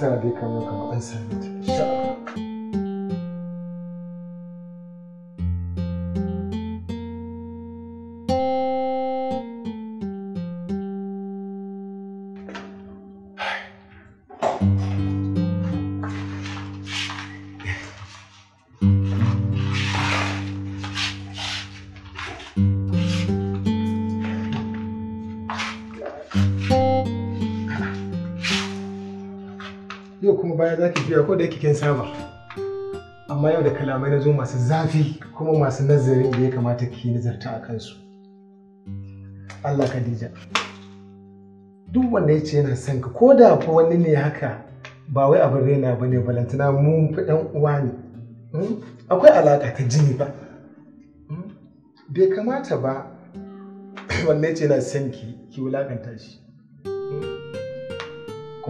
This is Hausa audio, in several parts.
sa dai kamar kamar an sami kuma baya za ki biya ko da kin saba amma yau da kalamai na zo masu zafi kuma masu nazarin da ya kamata ki nazarta a kansu Allah Khadija duk wanda ya ce yana son ka ko da fa wani ne haka ba wai abin raina bane balantana mun fi dan uwa ne hmm? akwai alaka ta jini ba hmm? bai kamata ba wanda ya ce yana son ki ki wulakanta shi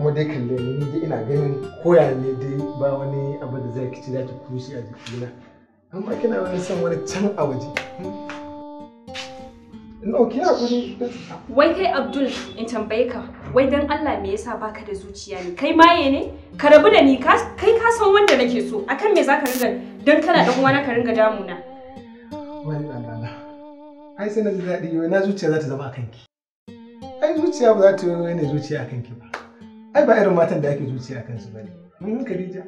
kuma dai kalle ni ni dai ina ganin koya ne dai ba wani abu da zai kici da ta kushi a jikina amma kina wani son wani can a waje Ɗauki hakuri. Wai kai Abdul in tambaye ka, wai dan Allah me yasa baka da zuciya ne? Kai maye ne? Ka rabu da ni, kai ka san wanda nake so, akan me zaka ringa dan kana dan uwana ka ringa damuna. Wai Allah Ai sai na ji daɗi, na zuciya za ta zama a kanki. Ai zuciya ba za ta yi wani zuciya a kanki ba. ai ba irin matan da ake zuciya kansu ba ne mun Khadija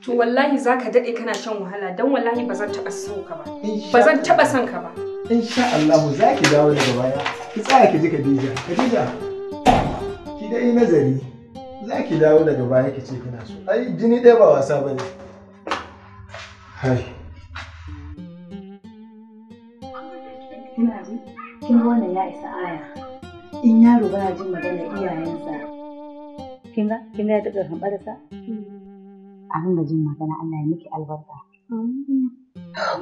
to wallahi zaka dade kana shan wahala dan wallahi ba zan taba so ka ba ba zan taba son ka ba insha Allah zaki dawo daga baya ki tsaya ki ji Khadija Khadija ki dai nazari zaki dawo daga baya ki ce kina so ai jini dai ba wasa bane hai kina ji kin wannan ya isa aya in yaro baya jin magana iyayensa kin ga kin ga daga a ringa jin magana Allah ya miki albarka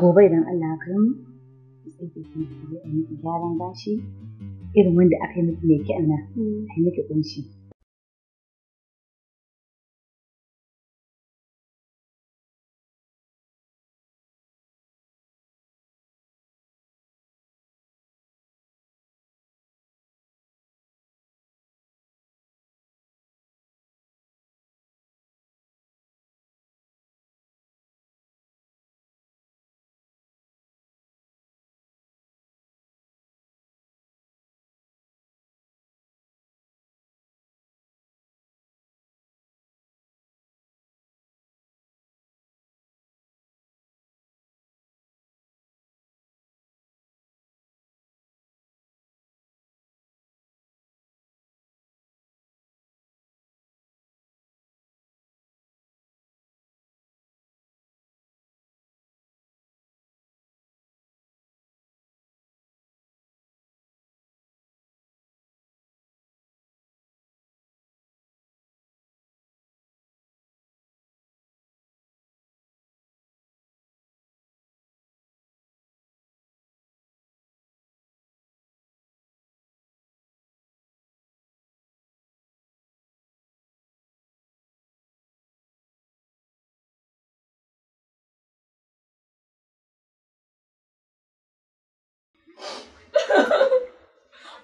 gobe idan Allah ya kai mu sai ki kin je a gyaran gashi irin wanda aka yi miki mai ki nan a miki kunshi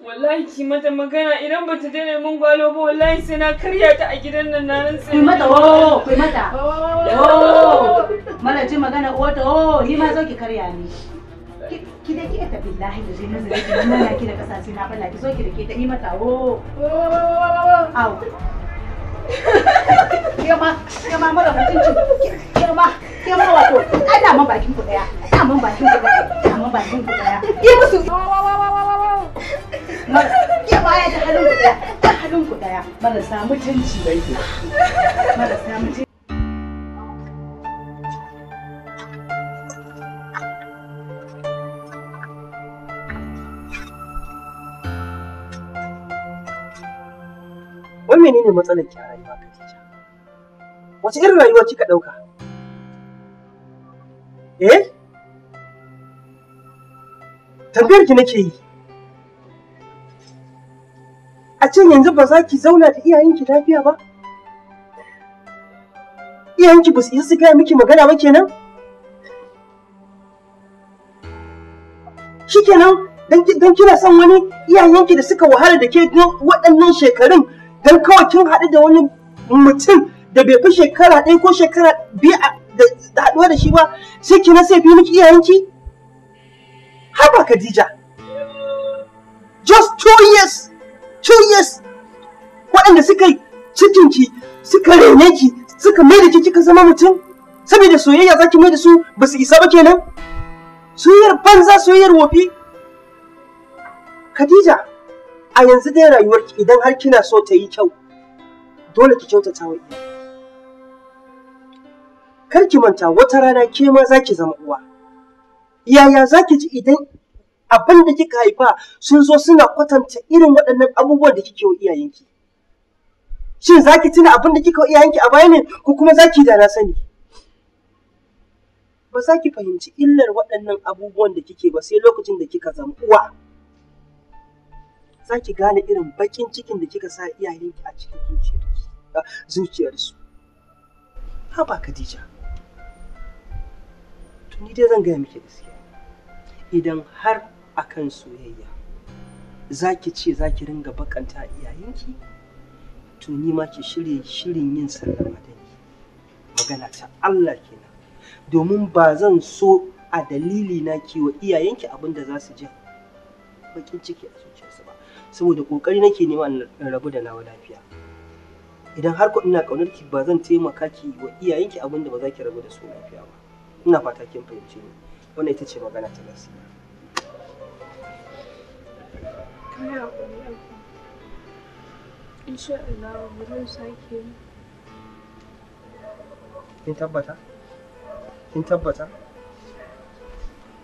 wallahi ki mata magana idan ba ta daina mun gwalo ba wallahi sai na karya ta a gidan nan na nan sai mata wo ku mata wo mala ji magana ta wo ni ma zo ki karya ni ki da ki ta billahi da zai nazari ki na ki da sai na balla ki zo ki da ke ta yi mata wo au Girma, girma mara mutunci. Girma, girma wato. Ai Yi ta Marasa wai menene matsalar ke a rayuwa Khadija wace irin rayuwa kika dauka eh tambayar ki nake yi a can yanzu ba za ki zauna da iyayenki lafiya ba iyayenki ba su isa su gaya miki magana ba kenan shikenan don kina son wani iyayenki da suka wahala da ke waɗannan shekarun don kawai kin haɗu da wani mutum da bai fi shekara ɗaya ko shekara biyu da haɗuwa da shi ba sai ki nasa fi miki iyayenki ba Khadija just two years two years waɗanda suka ki suka rene ki suka mai da ki kika zama mutum saboda soyayya za ki mai da su ba su isa ba kenan soyayyar banza soyayyar wofi Khadija a yanzu dai rayuwarki idan har kina so ta yi kyau dole ki kyautata wa kar ki manta wata rana ke ma za ki zama uwa yaya za ki ji idan abin da kika haifa sun zo suna kwatanta irin waɗannan abubuwan da kike wa iyayenki shin za ki tuna abin da kika wa iyayenki a baya ne ko kuma za ki da na sani ba za ki fahimci illar waɗannan abubuwan da kike ba sai lokacin da kika zama uwa. za ki gane irin bakin cikin da kika sa iyayenki a cikin zuciyarsu. Haba Khadija, to ni dai zan gaya miki gaskiya. Idan har akan soyayya za ki ce za ki ringa bakanta iyayenki, to ni ma ki shirye shirin yin sallama da ni. Magana ta Allah kenan. Domin ba zan so a dalili na kiwa iyayenki abun da za su je bakin ciki a zuciyarsu ba. saboda ƙoƙari nake nema in rabu da nawa lafiya idan har ko ina ƙaunar ki ba zan taimaka ki wa iyayenki abin da ba za ki rabu da su lafiya ba ina fata kin fahimce ni wannan ita ce magana ta gaskiya insha Allah ba zan sake kin tabbata kin tabbata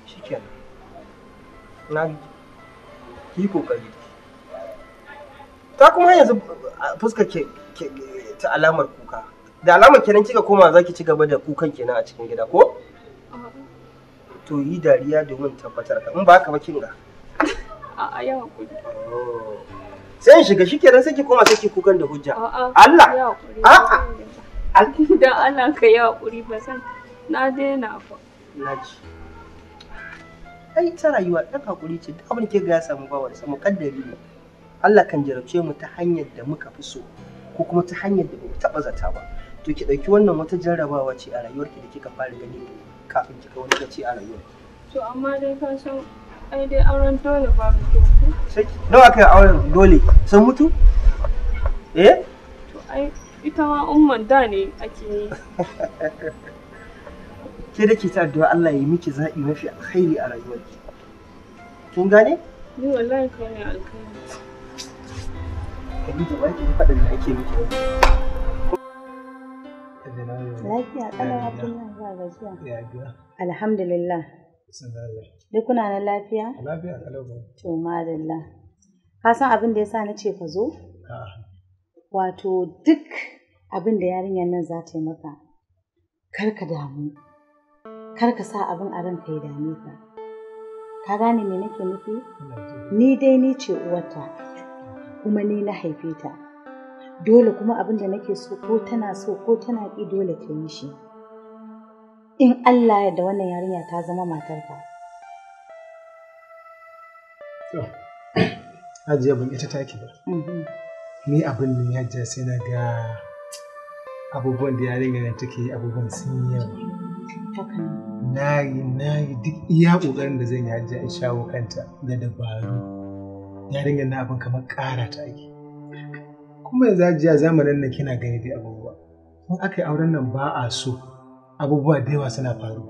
shikenan na ki ƙoƙari. ta kuma yanzu fuskar ke ta alamar kuka da alamar kenan kika koma za ki ci gaba da kukan kenan a cikin gida ko to yi dariya domin tabbatar ka in ba haka ba kin ga a'a ya hakuri oh. sai in shiga shikenan sai ki koma sai ki kukan da hujja Allah a'a da Allah ka yi hakuri ba san na daina ba na ji ai ta rayuwa ɗan hakuri ce duk abin da ke ga ya samu bawa da samu kaddari ne Allah kan jarabce mu ta hanyar da muka fi so ko kuma ta hanyar da bamu taɓa zata ba to ki ɗauki wannan wata jarrabawa ce a rayuwarki da kika fara gani kafin kika wani gaci a rayuwar to amma dai ka san ai dai auren dole ba kyau sai nawa kai auren dole sun mutu eh to ai ita ma umman da ne ake yi ke da ke ta addu'a Allah ya yi miki zaɓi mafi alkhairi a rayuwarki kin gane ni wallahi kai ne alkhairi Khadija ba ki faɗin da ake miki ba. Lafiya ƙalar Abdullahi ba gajiya. Alhamdulillah. Duk kuna na lafiya? Lafiya ƙalar To madalla. Ka san abin da ya sa na ce ka zo? Wato duk abin da yarinyar nan za ta yi maka. Kar ka damu. Kar ka sa abin a ranka ya dame ka. Ka gane me nake nufi? Ni dai ni ce uwarta. kuma ni na haife ta dole kuma abin da nake so ko tana so ko tana ƙi dole ta yi shi in Allah ya da wannan yarinya ta zama matarka Hajiya ban ita take ba. Mhm. Ni abin ne hajiya sai na ga abubuwan da yarinya ne take abubuwan sun yi yawa. Na yi na yi duk iya ƙoƙarin da zan yi hajiya in shawo kanta da dabaru. yarinyar na abin kamar ƙara ta ake kuma yanzu ajiya zamanin nan kina gani dai abubuwa in aka yi auren nan ba a so abubuwa da yawa suna faru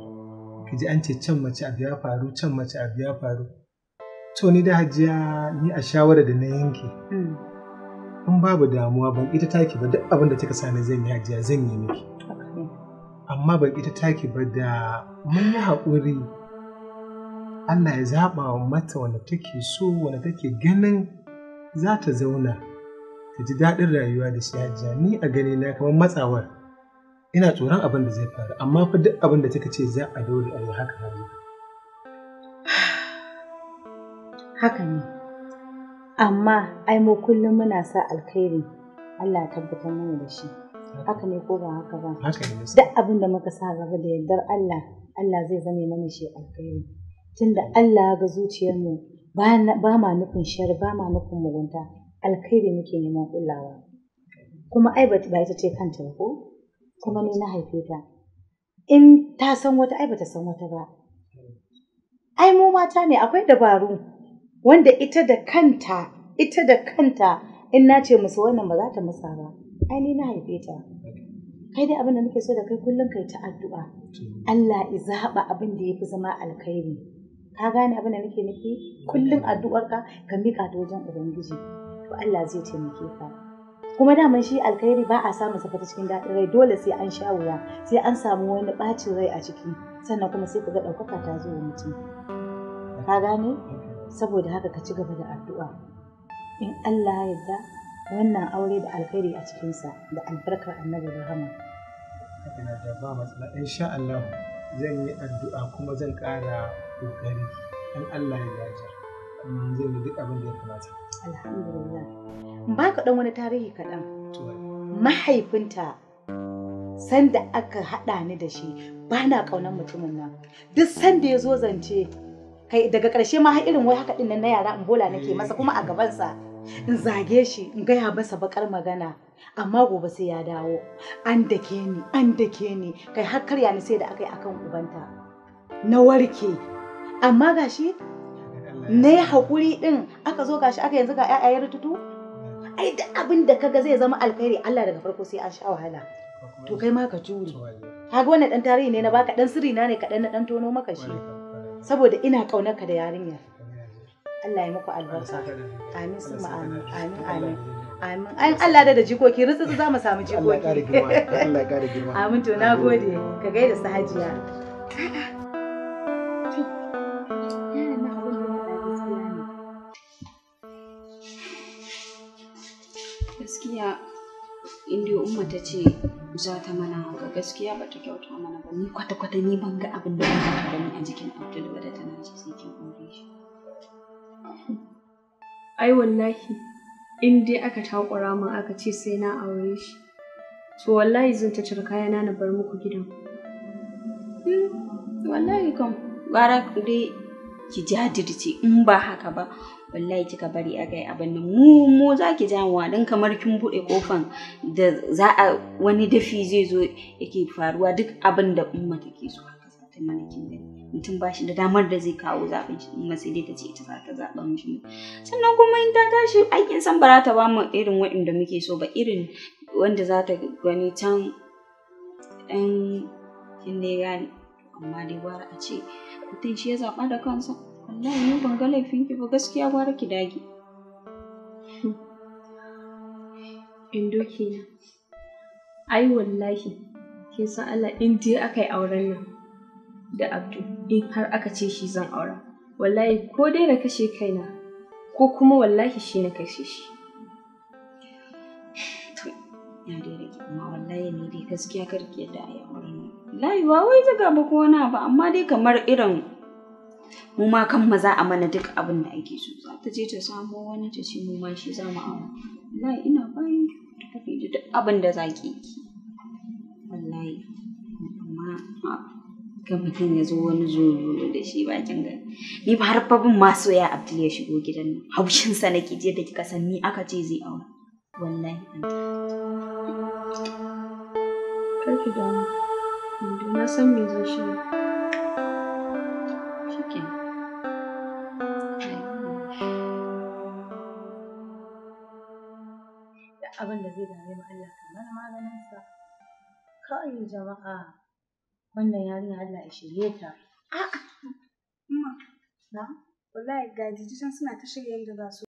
ki ji an ce can mace abu ya faru can mace abu ya faru to ni da hajiya ni a shawara da na yanke hmm. in babu damuwa ban ita taki ba duk abin da kika sani zan yi hajiya zan yi miki amma ban ita taki ba da mun yi haƙuri Allah ya zaɓa mata wanda take so wanda take ganin za ta zauna ta ji daɗin rayuwa da shi hajiya ni a gani na kamar matsawar ina tsoron abin da zai faru amma fa duk abin da take ce za a daure a yi haka hajiya. Haka ne, amma ai mu kullum muna sa alkhairi Allah ya tabbatar mana da shi. Haka ne ko ba haka ba? Haka ne. Duk abin da muka sa gaba da yardar Allah, Allah zai zame mana shi alkhairi. tunda Allah ya ga zuciyarmu ba ma nufin shar ba ma nufin mugunta alkhairi muke neman kullawa kuma ai ba ita ce kanta ba ko kuma ni na haife ta in ta san wata ai bata san wata ba ai mu mata ne akwai dabaru wanda ita da kanta ita da kanta in na ce musu wannan ba za ta musa ba ai ni na haife ta kai dai abin da nake so da kai kullum kai ta addu'a Allah ya zaba abin da yafi zama alkhairi ka gane abin da nake nufi kullum addu'ar ka ka mika ta wajen ubangiji to Allah zai taimake ka kuma daman shi alkhairi ba a samun sa ta cikin daɗin rai dole sai an sha wuya sai an samu wani bacin rai a ciki sannan kuma sai ka ga ɗaukaka ta zo wa mutum ka gane saboda haka ka ci gaba da addu'a in Allah ya yarda wannan aure da alkhairi a cikinsa da albarkar annabi rahama haka na da ba matsala insha Allah zan yi addu'a kuma zan ƙara kokari in Allah ya yarda zai yi duk abin da ya kamata alhamdulillah ba ka dan wani tarihi kaɗan mahaifinta sanda aka haɗa ni da shi ba na ƙaunar mutumin nan duk sanda ya zo zance kai daga ƙarshe ma har irin wai haka ɗin na yara in bola nake eh. masa kuma a gabansa in zage shi in gaya masa bakar magana amma gobe sai ya dawo an dake ni an dake ni kai har karya ni sai da aka yi akan ubanta na warke amma gashi na yi haƙuri ɗin aka zo gashi aka yanzu ga 'ya'ya rututu ai duk abin da kaga zai zama alkhairi Allah daga farko sai an sha wahala to kai ma ka jure kaga wannan dan tarihi ne na baka dan sirri na ne kaɗan na dan tono maka shi saboda ina ƙaunar ka da yarinya Allah ya muku albarka amin suma amin amin amin amin ai Allah da da jikoki rutsu za mu samu jikoki Allah ya ƙara girma Allah ya ƙara girma amin to nagode ka gaida su hajiya gaskiya indiya umma ta ce za ta mana haka gaskiya ba ta kyauta mana ba ni kwata-kwata ni ban ga abin da ta gani a jikin abdul ta na ce sai kin aure shi ai wallahi in dai aka takura min aka ce sai na aure shi to wallahi zan ta cire kayana na bar muku gidan hmm, wallahi kam gara dai ki jajirce in ba haka ba wallahi kika bari a kai abin nan mu mu za ki don kamar kin bude kofan da za a wani dafi zai zo yake faruwa duk abin da umma take so haka za ta mana kin gani mutum ba shi da damar da zai kawo zaɓin shi umma sai dai ta ce ita za ta zaɓa mishi sannan kuma in ta tashi aikin san ba ta ba mu irin waɗanda muke so ba irin wanda za ta gani can ɗan kin dai gane amma dai gwara a ce mutum shi ya zaɓa da kansa wallahi ni ban ga laifin ki ba gaskiya gwara ki dage in doke na ai wallahi ke san Allah in dai aka yi auren nan da Abdu in har aka ce shi zan aura wallahi ko dai na kashe kaina ko kuma wallahi shi na kashe shi Ya dai rage amma wallahi ne dai gaskiya karki yadda a yi auren nan wallahi ba wai zaga ba ko wani ba amma dai kamar irin mu ma kan maza a mana duk abin da ake so za ta je ta samo wani ta ce mu ma shi za mu awa wallahi ina bayan ta fi duk abin da za ki yi wallahi amma ga mutum ya zo wani zoyo da shi bakin ga ni ba har babin masoya abdul ya shigo gidan nan haushin sa nake je da kika san ni aka ce zai awa wallahi karki da zai dame mu Allah ka mana maganinsa kai jama'a wannan yarinya Allah ya shirye ta a'a na wallahi ga jijisan suna ta shirye yadda za su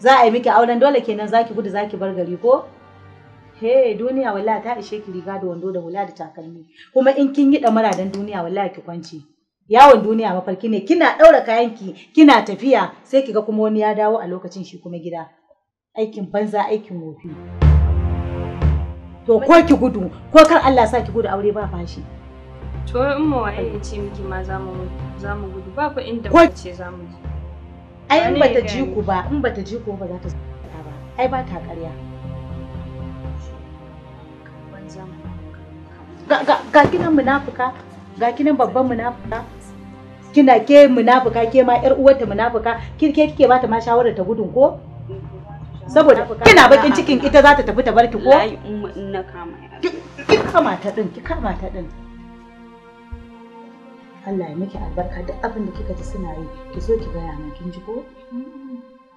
za a yi miki auren dole kenan zaki gudu zaki bar gari ko he duniya wallahi ta ishe ki riga da wando da hula da takalmi kuma in kin yi damara dan duniya wallahi ki kwance yawon duniya mafarki ne kina daura kayanki kina tafiya sai kiga kuma wani ya dawo a lokacin shi kuma gida aikin banza aikin wofi to ko ki gudu ko kar Allah sa ki gudu aure ba fashi to in mu waye ce miki ma za mu gudu ba fa inda ce za mu je ai in bata ji ku ba in bata ji ku ba za ta faɗa ba ai ba ta ƙarya ga kinan munafuka ga kinan babban munafuka kina ke munafuka ke ma yar uwarta munafuka ke kike bata ma shawara ta gudun ko saboda kina bakin cikin ita za ta tafi ta barki ko ki kama ta din ki kama ta din Allah ya miki albarka duk abin da kika ji suna yi ki zo ki gaya min kin ji ko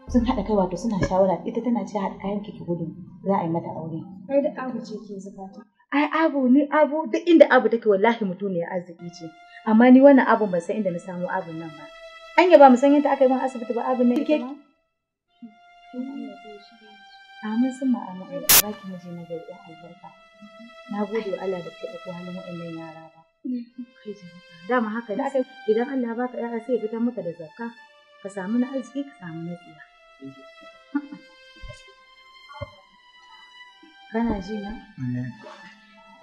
sun haɗa kai wato suna shawara ita tana ce haɗa kayan ki gudu za a yi mata aure ai da abu ce ke zubata ai abu ni abu duk inda abu take wallahi mutuniyar arziki ce amma ni wannan abu ban san inda na samu abun nan ba an yaba mu san yadda aka yi min asibiti ba abun nan ke amin sun ma amin ba ki miji na gari albarka na gode wa Allah da ke ɗauko halin waɗannan yara ba dama haka ne idan Allah ya baka ƴaƴa sai ya fitar maka da zakka ka samu na arziki ka samu na tsiya kana ji na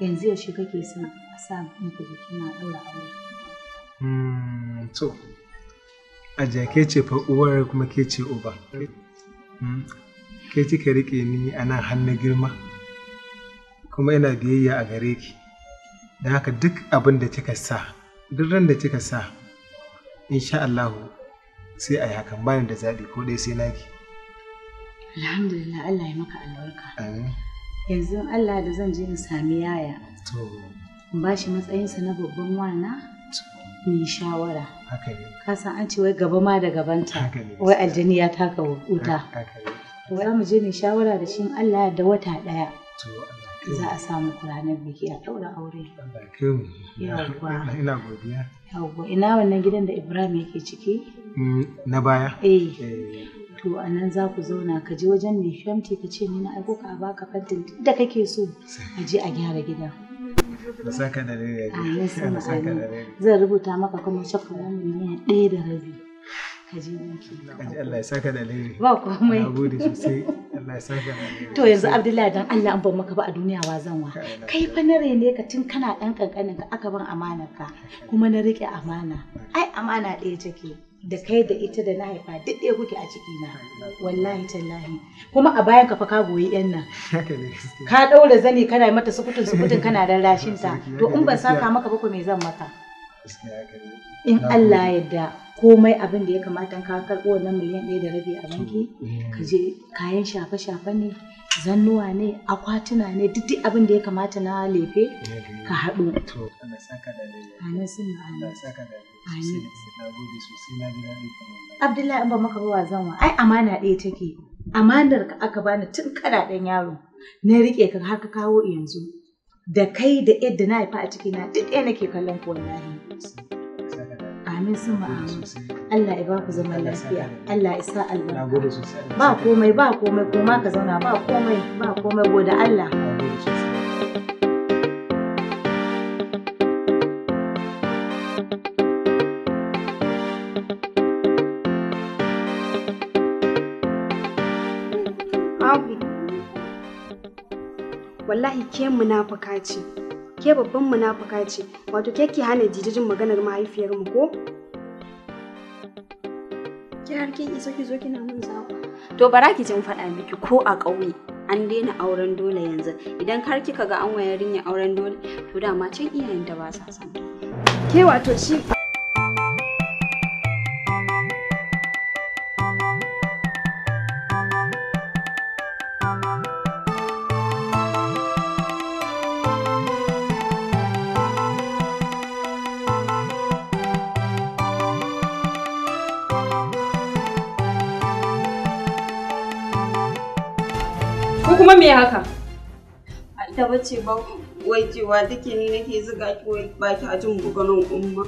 yanzu ya shi kake sa a sa muku biki na ɗaura aure hmm, to ajiya ke ce fa uwar kuma ke ce uba hmm, ke ci ka rike ni a nan hannu girma kuma ina biyayya a gare ki da haka duk abin da kika sa duk ran da kika sa insha Allah sai a yi hakan bani da zaɓi ko dai sai naki alhamdulillah Allah ya maka albarka yanzu Allah da zan je in sami yaya to ba shi matsayinsa na babban wana ni shawara haka ne ka san an ce wai gaba ma da gabanta wai aljani ya taka wuta za mu je ni shawara da shi Allah da wata ɗaya to za a samu ranar biki a ɗaura aure. Ina godiya. wannan gidan da Ibrahim yake ciki? Mm, na baya. Eh. eh. To a nan za ku zauna ka je wajen mai fenti ka ce ni na aiko ka baka fentin duk da kake so a je a gyara gidan. Da da rere. Zan rubuta maka kuma shafin wani miliyan ɗaya da rabi. kaji Allah ya saka da alheri ba komai sosai Allah ya saka da alheri to yanzu Abdullahi dan Allah an ban maka ba a duniya wa zanwa kai fa na rene ka tun kana dan kankanin ka aka ban amana ka kuma na rike amana ai amana ɗaya take da kai da ita da na haifa duk ɗaya kuke a ciki na wallahi tallahi kuma a bayan ka fa ka goyi yan nan ka ɗaura zani kana mata sukutun sukutun kana rarrashin ta to in ban saka maka ba ko me zan maka in Allah ya yarda komai abin da ya kamata ka karɓo wannan miliyan ɗaya da rabi a banki eh. ka je kayan shafe-shafe ne zannuwa ne akwatuna ne duk duk abin da ya kamata na lefe eh, eh. ka haɗu Abdullahi in ba maka ba zan wa ai amana ɗaya take amanar ka aka bani tun kana ɗan yaro na riƙe ka har ka kawo yanzu da kai da yadda na haifa a ciki na duk ɗaya nake kallon ku wallahi Amin sun ba amin. Allah ya baku zaman lafiya. Allah ya sa albarka. Ba komai ba komai kuma ka zauna ba komai ba komai goda Allah. Wallahi ke munafuka ce. ke babban munafuka ce wato ke ki hana jijijin maganar mahaifiyarmu ko ke har kin iso ki zo kina mun zawa to bara ki jin faɗa miki ko a ƙauye an daina auren dole yanzu idan har kika ga an wayar yarinya auren dole to dama can iyayen da ba sa san ke wato shi me haka? Ita bace ba wai cewa take ni nake zuga ki wai ba ki jin buganin umma.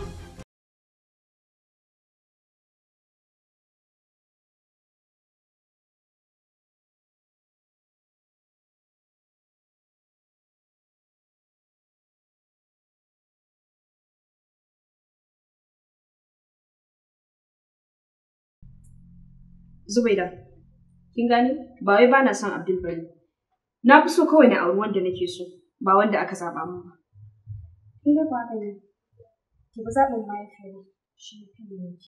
Zubaida, kin gane? Ba wai ba na son Abdul Bari. Na fi so kawai na auri wanda nake so, ba wanda aka zaɓa min ba. In ba ka ne, ki bi zaɓin mahaifiyar shi ne